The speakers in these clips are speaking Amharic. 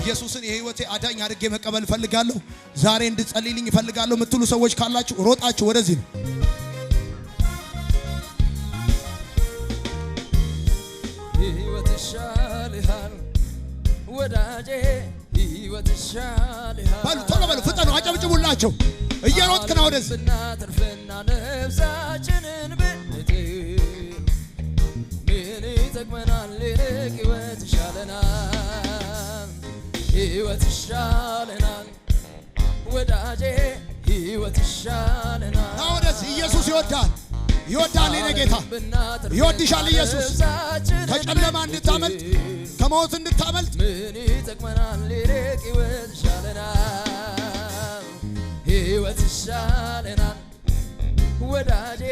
ኢየሱስን የህይወቴ አዳኝ አድርጌ መቀበል እፈልጋለሁ፣ ዛሬ እንድጸልይልኝ እፈልጋለሁ የምትሉ ሰዎች ካላችሁ ሮጣችሁ ወደዚህ ነው። ህይወት ይሻልሃል ወዳጄ፣ ህይወት ይሻልሃል በሉ፣ ቶሎ በሉ፣ ፍጠኑ፣ አጨብጭቡላቸው። እየሮጥክ ነው ወደዚህ ብናተርፍና ነፍሳችንን ብንጥል ምን ይጠቅመናል? ሕይወት ይሻለናል ወዳጄ ሕይወት ይሻለናል። አሁንስ ኢየሱስ ይወዳል ይወዳል የኔ ጌታ ይወድሻል። ኢየሱስ ከጨለማ እንድታመልጥ ከሞት እንድታመልጥ ምን ይጠቅመናል? ሊርቅ ሕይወት ይሻለናል፣ ሕይወት ይሻለናል ወዳጄ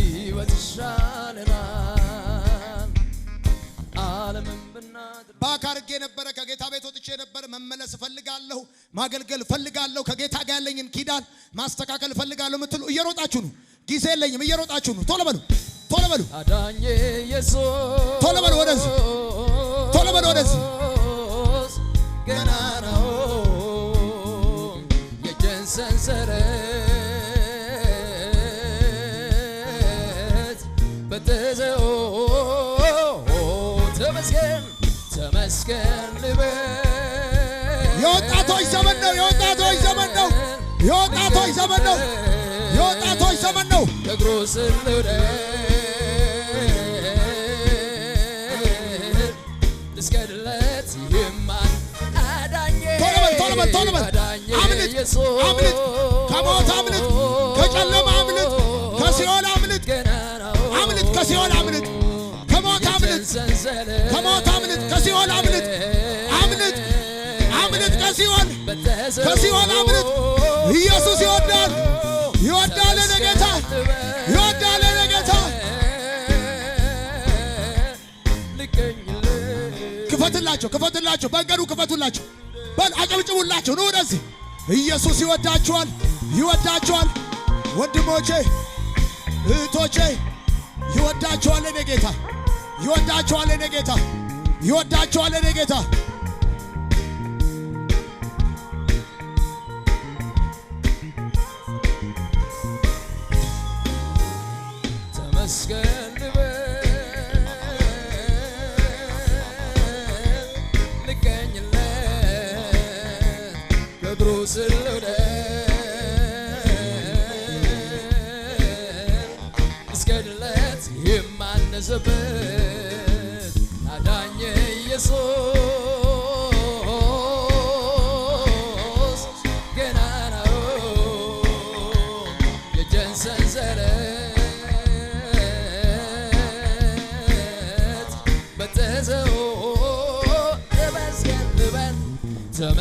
ሕይወት ባክ አድርጌ ነበረ። ከጌታ ቤት ወጥቼ ነበረ መመለስ እፈልጋለሁ፣ ማገልገል እፈልጋለሁ፣ ከጌታ ጋር ያለኝን ኪዳን ማስተካከል እፈልጋለሁ የምትሉ እየሮጣችሁ ነው። ጊዜ የለኝም፣ እየሮጣችሁ ነው። ቶሎ በሉ፣ ቶሎ በሉ፣ ቶሎ በሉ፣ ወደዚህ ቶሎ በሉ፣ ወደዚህ መስገን ልበል። የወጣቶች ዘመን ነው። የወጣቶች ዘመን ነው። የወጣቶች ዘመን ነው። የወጣቶች ዘመን ነው። እግሩ ስር ልውደድ ልስገድለት ይማል አዳኘ ቶሎበል ቶሎበል አምልጥ አምልጥ ከሞት አምልጥ ከጨለማ አምልጥ ከሲኦል አምልጥ አምልጥ ከሲኦል አምልጥ ሰንሰለት ከሞት አምልጥ፣ ከሲኦል አምልጥ፣ አምልጥ፣ አምልጥ ከሲኦል ከሲኦል አምልጥ። ኢየሱስ ይወዳል፣ ይወዳል፣ የኔ ጌታ ይወዳል፣ የኔ ጌታ ክፈትላቸው፣ ክፈትላቸው፣ መንገዱ ክፈቱላቸው። በል አጨብጭቡላቸው፣ ኑ ወደዚህ። ኢየሱስ ይወዳችኋል፣ ይወዳችኋል ወንድሞቼ እህቶቼ፣ ይወዳችኋል የኔ ጌታ ይወዳቸዋል እኔ ጌታ ይወዳቸዋል እኔ ጌታ ተመስገን ልገኝለት ክብሩ ስለውደት Elizabeth.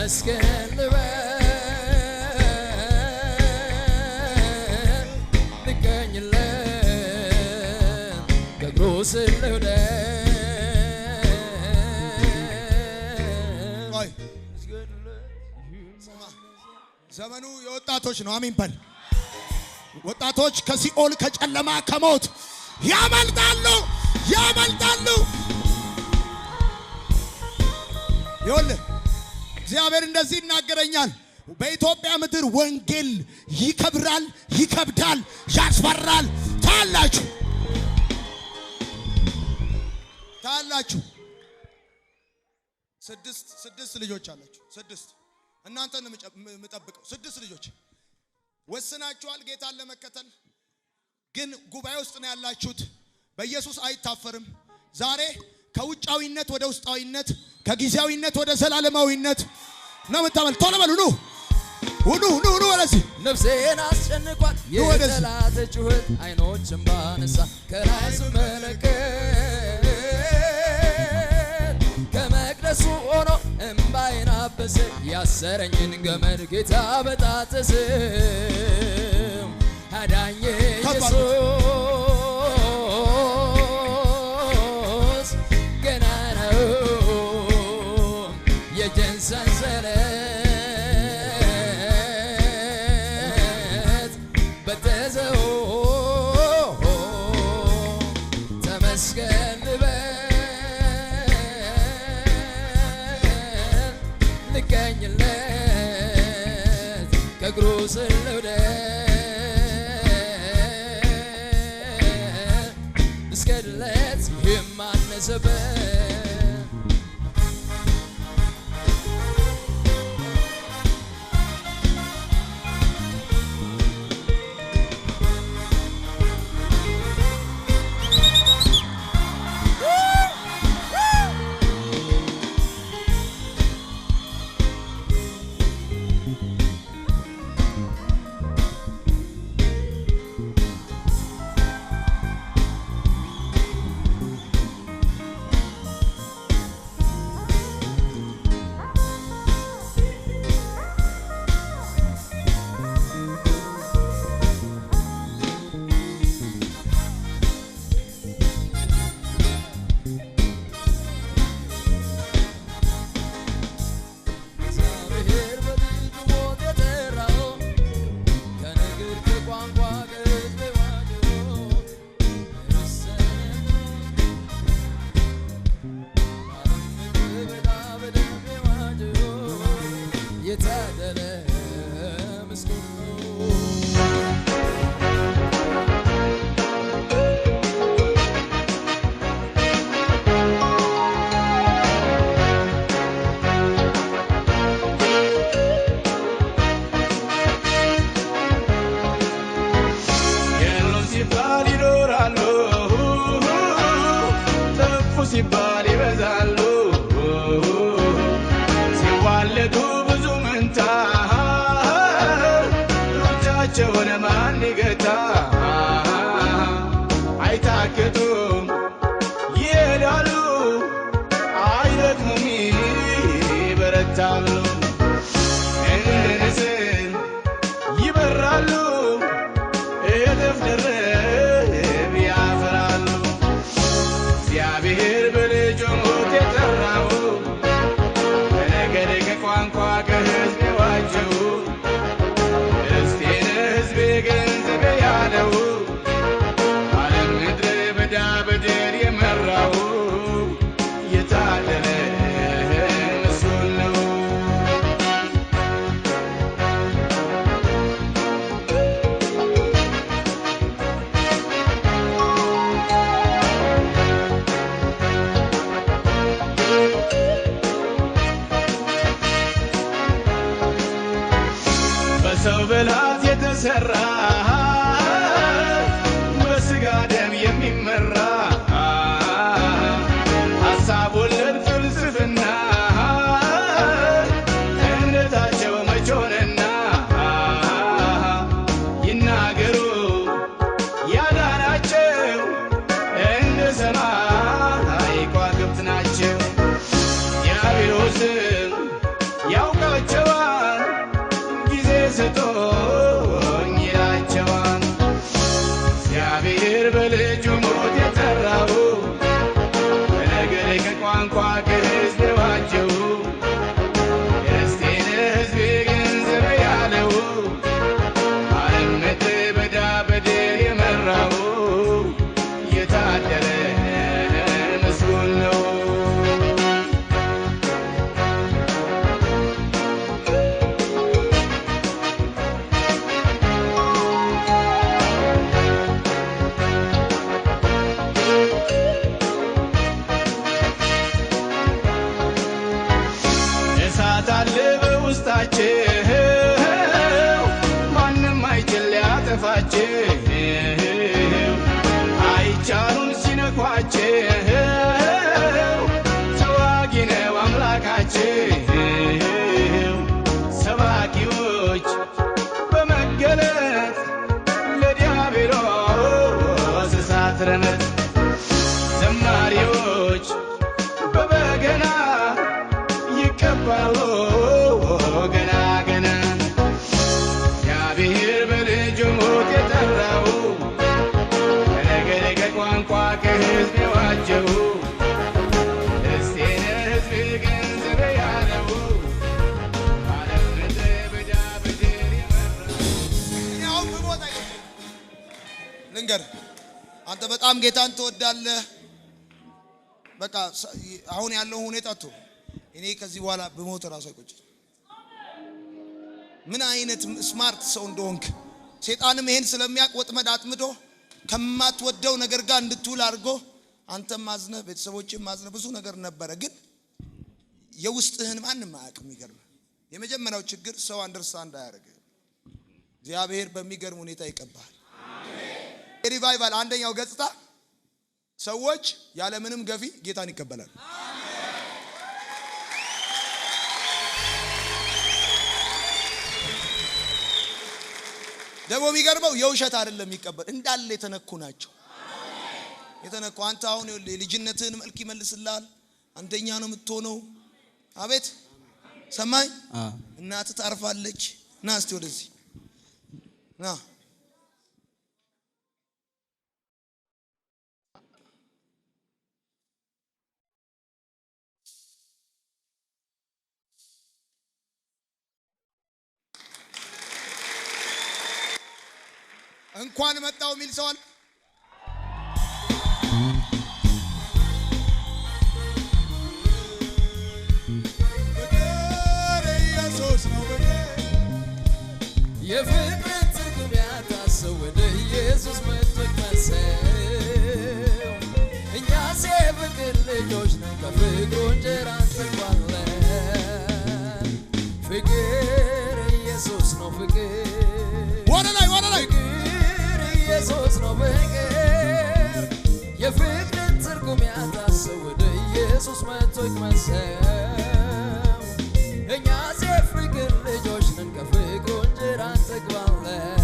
መስገን ልበል ልገኝለት ዘመኑ የወጣቶች ነው። አሚን በል። ወጣቶች ከሲኦል ከጨለማ ከሞት ያመልጣሉ ያመልጣሉ። ይኸውልህ እግዚአብሔር እንደዚህ ይናገረኛል። በኢትዮጵያ ምድር ወንጌል ይከብራል፣ ይከብዳል፣ ያስፈራል። ታላችሁ ታላችሁ ስድስት ስድስት ልጆች አላችሁ። ስድስት እናንተን የምጠብቀው ስድስት ልጆች ወስናችኋል ጌታን ለመከተል ግን ጉባኤ ውስጥ ነው ያላችሁት። በኢየሱስ አይታፈርም። ዛሬ ከውጫዊነት ወደ ውስጣዊነት ከጊዜያዊነት ወደ ዘላለማዊነት ነው የምታመል። ቶሎ በሉ ኑ ሁኑ ሁኑ ሁኑ ወደዚህ ነፍሴን አስጨንቋት የጠላት ጩኸት አይኖች እምባ ነሳ ከላይ ስመለከት ከመቅደሱ ሆኖ እምባዬን አበሰ ያሰረኝን ገመድ ጌታ በጣጠሰም አዳኝ ኢየሱስ ሲባል ይበዛሉ ሲዋለዱ ብዙ መንታ ሩጫቸውን ማን ይገታ ይሄዳሉ ይበረታሉ ይበራሉ cerrar በጣም ጌታን ትወዳለህ። በቃ አሁን ያለው ሁኔታ ቶ እኔ ከዚህ በኋላ በሞት ራሱ አይቆጭ። ምን አይነት ስማርት ሰው እንደሆንክ ሴጣንም ይሄን ስለሚያውቅ ወጥመድ አጥምዶ ከማትወደው ነገር ጋር እንድትውል አድርጎ አንተም ማዝነ ቤተሰቦችም ማዝነ ብዙ ነገር ነበረ፣ ግን የውስጥህን ማንም አያውቅም። የሚገርም የመጀመሪያው ችግር ሰው አንደርስታንድ አያደርግም። እግዚአብሔር በሚገርም ሁኔታ ይቀባል። የሪቫይቫል አንደኛው ገጽታ ሰዎች ያለምንም ገፊ ጌታን ይቀበላሉ። ደግሞ የሚገርመው የውሸት አይደለም የሚቀበል እንዳለ የተነኩ ናቸው። የተነኩ አንተ አሁን የልጅነትን መልክ ይመልስላል አንደኛ ነው የምትሆነው። አቤት ሰማኝ። እናት ታርፋለች። ና እስቲ ወደዚህ ና እንኳን መጣው የሚል ሰዋል ወደ እኛ ልጆች ነን ከፍቅሩ እንጀራ በቀር የፍቅር ትርጉም ያታሰው ወደ ኢየሱስ መቶች መሰው እኛ የፍቅር ልጆች ነን ከፍቅሩ እንጀራ እንጠግባለን።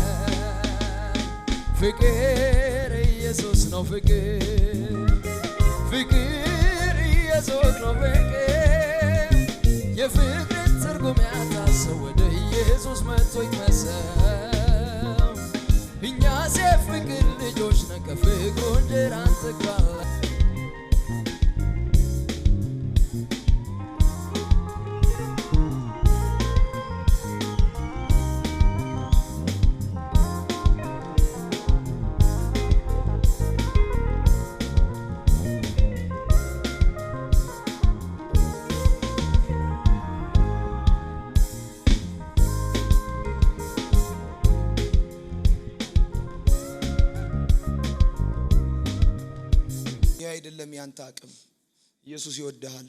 ፍቅር ኢየሱስ ነው ፍቅር ፍቅር ኢየሱስ ነው ፍቅር የፍቅር ትርጉም ያታሰው ወደ ኢየሱስ መቶች መሰው የስላሴ ፍቅር ልጆች ነን ከፍቅሩ እንጀራ እንጠግባለን። ያንተ አቅም። ኢየሱስ ይወድሃል።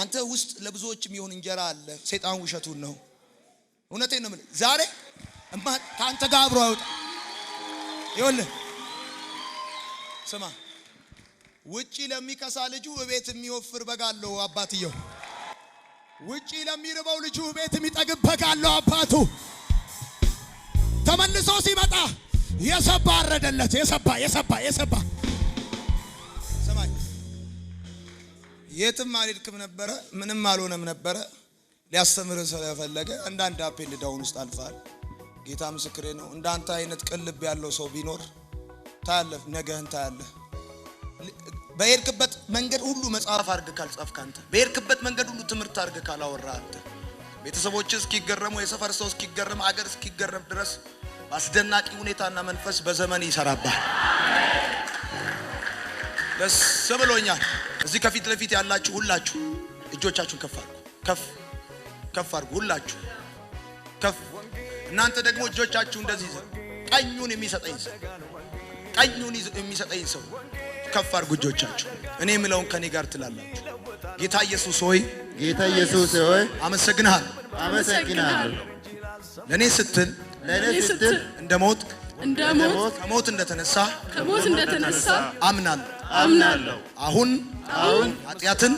አንተ ውስጥ ለብዙዎች የሚሆን እንጀራ አለ። ሰይጣን ውሸቱን ነው። እውነቴን ነው የምልህ ዛሬ እማ ከአንተ ጋር አብሮ አይወጣ። ይኸውልህ ስማ፣ ውጪ ለሚከሳ ልጁ እቤት የሚወፍር በግ አለው አባትየው። ውጪ ለሚርበው ልጁ እቤት የሚጠግብ በግ አለው አባቱ። ተመልሶ ሲመጣ የሰባ አረደለት። የሰባ የሰባ የሰባ የትም አልሄድክም ነበረ፣ ምንም አልሆነም ነበረ። ሊያስተምር ስለፈለገ እንዳንድ አፔል ዳውን ውስጥ አልፋል። ጌታ ምስክሬ ነው። እንዳንተ አይነት ቅልብ ያለው ሰው ቢኖር ታያለህ፣ ነገህን ታያለህ። በሄድክበት መንገድ ሁሉ መጽሐፍ አድርግ ካልጻፍክ አንተ በሄድክበት መንገድ ሁሉ ትምህርት አድርግ ካላወራህ አንተ ቤተሰቦች እስኪገረሙ የሰፈር ሰው እስኪገረም አገር እስኪገረም ድረስ በአስደናቂ ሁኔታና መንፈስ በዘመን ይሰራባል። ደስ ብሎኛል። እዚህ ከፊት ለፊት ያላችሁ ሁላችሁ እጆቻችሁን ከፍ አድርጉ፣ ከፍ ከፍ አድርጉ፣ ሁላችሁ ከፍ። እናንተ ደግሞ እጆቻችሁ እንደዚህ ይዘ ቀኙን የሚሰጠኝ ሰው ቀኙን የሚሰጠኝ ሰው ከፍ አድርጉ እጆቻችሁ። እኔ የምለውን ከኔ ጋር ትላላችሁ። ጌታ ኢየሱስ ሆይ፣ ጌታ ኢየሱስ ሆይ፣ ለእኔ ስትል ለእኔ ስትል እንደ ሞት እንደ ሞት ከሞት እንደተነሳ ከሞት እንደተነሳ አምናለሁ አምናለሁ። አሁን አሁን ኃጢአትን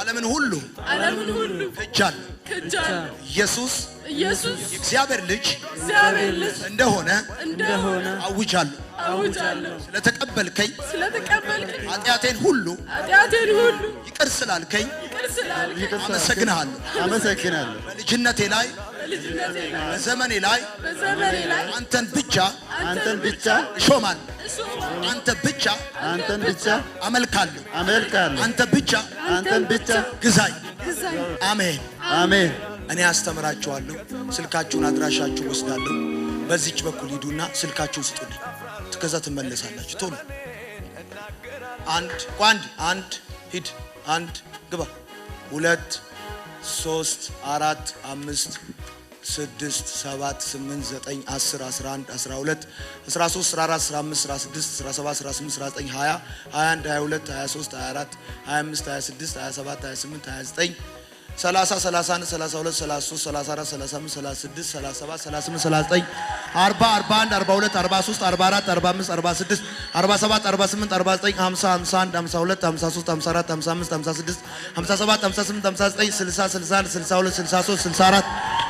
ዓለምን ሁሉ ዓለምን ሁሉ ከጃል ክጃለሁ። ኢየሱስ ኢየሱስ እግዚአብሔር ልጅ እግዚአብሔር ልጅ እንደሆነ እንደሆነ አውጃለሁ አውጃለሁ። ስለተቀበልከኝ ስለተቀበልከኝ ኃጢአቴን ሁሉ ኃጢአቴን ሁሉ ይቅር ስላልከኝ ይቅር ስላልከኝ አመሰግናለሁ አመሰግናለሁ በልጅነቴ ላይ በዘመኔ ላይ አንተን ብቻ አንተን ብቻ ሾማል አንተ ብቻ አንተን ብቻ አመልካለሁ አመልካለሁ። አንተ ብቻ አንተን ብቻ ግዛኝ። አሜን አሜን። እኔ አስተምራችኋለሁ። ስልካችሁን አድራሻችሁ ወስዳለሁ። በዚች በኩል ሂዱና ስልካችሁን ስጡልኝ። ከዛ ትመለሳላችሁ። ቶሎ አንድ አንድ አንድ ሂድ አንድ ግባ ሁለት ሶስት አራት አምስት ስድስት ሰባት ስምንት ዘጠኝ አስር አስራ አንድ አስራ ሁለት አስራ ሶስት አስራ አራት አስራ አምስት አስራ ስድስት አስራ ሰባት አስራ ስምንት አስራ ዘጠኝ ሀያ ሀያ አንድ ሀያ ሁለት ሀያ ሶስት ሀያ አራት ሀያ አምስት ሀያ ስድስት ሀያ ሰባት ሀያ ስምንት ሀያ ዘጠኝ ሰላሳ ሰላሳ አንድ ሰላሳ ሁለት ሰላሳ ሶስት ሰላሳ አራት ሰላሳ አምስት ሰላሳ ስድስት ሰላሳ ሰባት ሰላሳ አርባ አርባ አንድ አርባ ሁለት አርባ ሶስት አርባ አራት አርባ አምስት አርባ ስድስት አርባ ሰባት አርባ ስምንት አርባ ዘጠኝ ሀምሳ ሀምሳ አንድ ሀምሳ ሁለት ሀምሳ ሶስት ሀምሳ አራት ሀምሳ አምስት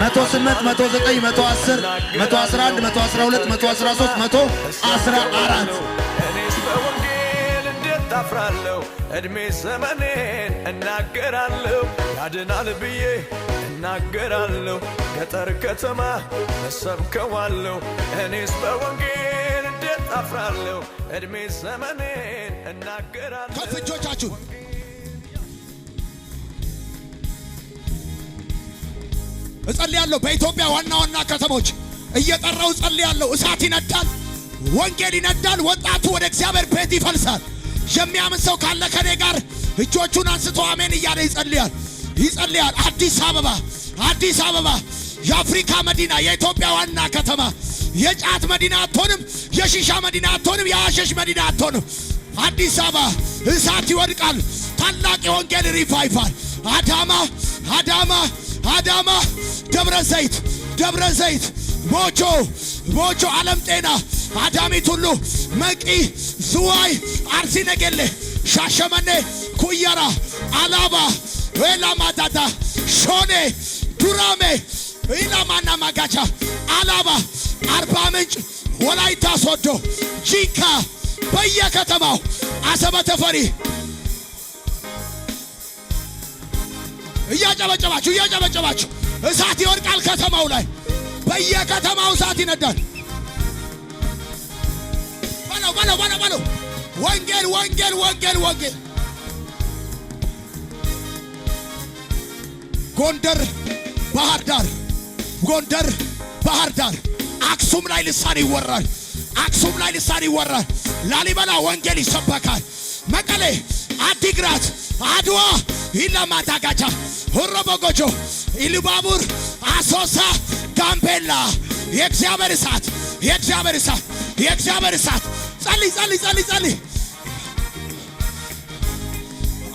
መቶ ስምንት መቶ ዘጠኝ መቶ አስር መቶ አስራ አንድ መቶ አስራ ሁለት መቶ አስራ ሶስት መቶ አስራ አራት እኔስ በወንጌል እንዴት ታፍራለሁ? እድሜ ዘመኔን እናገራለሁ ያድናል ብዬ እናገራለሁ ገጠር ከተማ እሰብከዋለሁ እኔስ በወንጌል እንዴት አፍራለሁ እድሜ ዘመኔን እናገራለሁ ከፍ እጆቻችሁ እጸልያለሁ። በኢትዮጵያ ዋና ዋና ከተሞች እየጠራው እጸልያለሁ። እሳት ይነዳል፣ ወንጌል ይነዳል፣ ወጣቱ ወደ እግዚአብሔር ቤት ይፈልሳል። የሚያምን ሰው ካለ ከኔ ጋር እጆቹን አንስቶ አሜን እያለ ይጸልያል ይጸልያል። አዲስ አበባ አዲስ አበባ የአፍሪካ መዲና የኢትዮጵያ ዋና ከተማ የጫት መዲና አትሆንም፣ የሺሻ መዲና አትሆንም፣ የአሸሽ መዲና አትሆንም። አዲስ አበባ እሳት ይወድቃል። ታላቅ የወንጌል ሪቫይቫል አዳማ አዳማ አዳማ ደብረ ዘይት ደብረ ዘይት ቦቾ ቦቾ ዓለም ጤና አዳሚት ሁሉ መቂ ዝዋይ አርሲ ነገሌ ሻሸመኔ ኩየራ አላባ ዌላማዳዳ ሾኔ ዱራሜ ኢላማና ማጋቻ አላባ አርባ ምንጭ ወላይታ ሶዶ ጂካ በየከተማው አሰበ ተፈሪ እያጨበጨባችሁ እያጨበጨባችሁ እሳት ይወድቃል ከተማው ላይ። በየከተማው እሳት ይነዳል። በለው በለው በለው በለው ወንጌል ወንጌል ወንጌል ወንጌል ጎንደር፣ ባህር ዳር፣ ጎንደር፣ ባህር ዳር፣ አክሱም ላይ ልሳን ይወራል። አክሱም ላይ ልሳን ይወራል። ላሊበላ ወንጌል ይሰበካል። መቀሌ፣ አዲግራት፣ አድዋ ይለማዳጋቻ ሆሮ በጎጆ ኢሉባቡር፣ አሶሳ፣ ጋምቤላ የእግዚአብሔር እሳት የእግዚአብሔር እሳት የእግዚአብሔር እሳት ጸልይ ጸልይ ጸልይ ጸልይ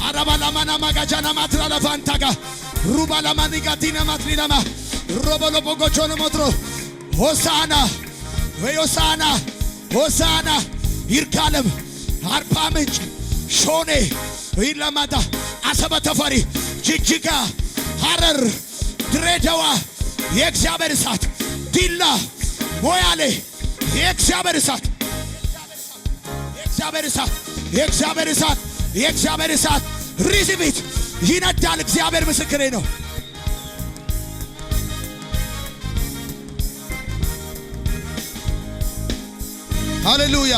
አረባ ለማና ማጋጃና ማትራለፋንታ ጋ ሩባ ለማኒጋቲና ማትሊናማ ሮበሎቦ ጎጆነ ሞትሮ ሆሳና ወይ ሆሳና ሆሳና ይርካለም አርባ ምንጭ ሾኔ አሰበ ተፈሪ ጅጅጋ ሐረር ድሬዳዋ የእግዚአብሔር እሳት፣ ዲላ ሞያሌ የእግዚአብሔር እሳት፣ የእግዚአብሔር እሳት፣ የእግዚአብሔር እሳት፣ የእግዚአብሔር እሳት ሪዝቢት ይነዳል። እግዚአብሔር ምስክሬ ነው። ሃሌሉያ